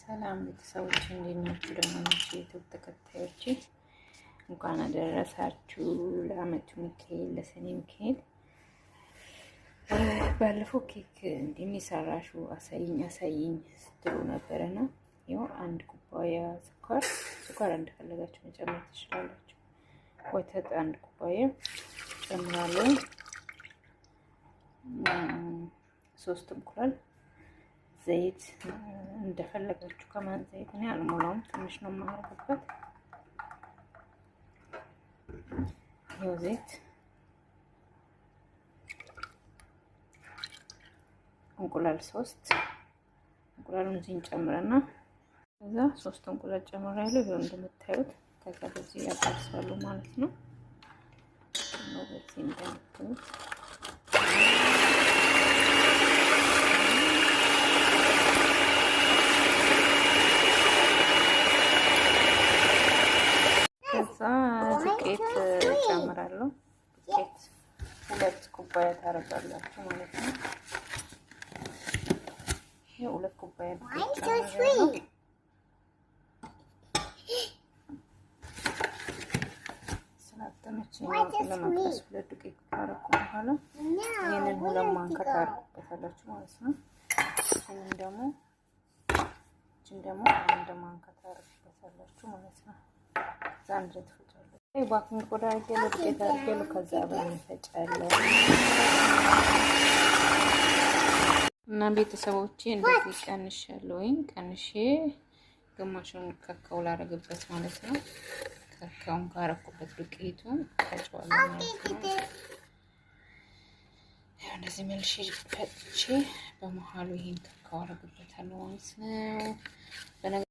ሰላም ቤተሰቦች እንዴት ናችሁ? ደህና ናችሁ? የዩቱብ ተከታዮች እንኳን አደረሳችሁ ለአመቱ ሚካኤል፣ ለሰኔ ሚካኤል። ባለፈው ኬክ እንደሚሰራሹ አሳይኝ አሳይኝ ስትሉ ነበረና ይኸው አንድ ኩባያ ስኳር ስኳር እንደፈለጋችሁ መጨመር ትችላላችሁ። ወተት አንድ ኩባያ ጨምራለሁ። ሶስት እንቁላል ዘይት እንደፈለጋችሁ ከማን ዘይት ነው ያልሞላውም፣ ትንሽ ነው የማረግበት ይኸው ዘይት እንቁላል ሶስት እንቁላሉን እዚህ እንጨምርና ከዛ ሶስት እንቁላል ጨምረ ያለው ይሄው እንደምታዩት ከዛ በዚህ ያጠርሳሉ ማለት ነው። በዚህ እንደምታዩት ሁለት ኩባያ ታረጋላችሁ ማለት ነው። ይሄ ሁለት ኩባያ ስላተመች ለመቅረስ ሁለት ዱቄት ካረኩ በኋላ ይህንን ሁለት ማንካ ታረጉበታላችሁ ማለት ነው። ይህንን ደግሞ ይህችን ደግሞ አንድ ማንካ ታረጉበታላችሁ ማለት ነው። ዛንድረት ፍጫለ ባክን ቆዳ አድርጌ ዱቄት አድርጌ ከዛ አብረን እንፈጫለን እና ቤተሰቦቼ እንደዚህ ቀንሻለሁኝ። ቀንሼ ግማሹን ከካው ላደርግበት ማለት ነው። ከካውን ካረኩበት ዱቄቱን ፈጫዋለሁ ማለት ነው። እንደዚህ መልሼ ፈጭቼ በመሀሉ ይሄን ከካው አደርግበታለሁ ማለት ነው።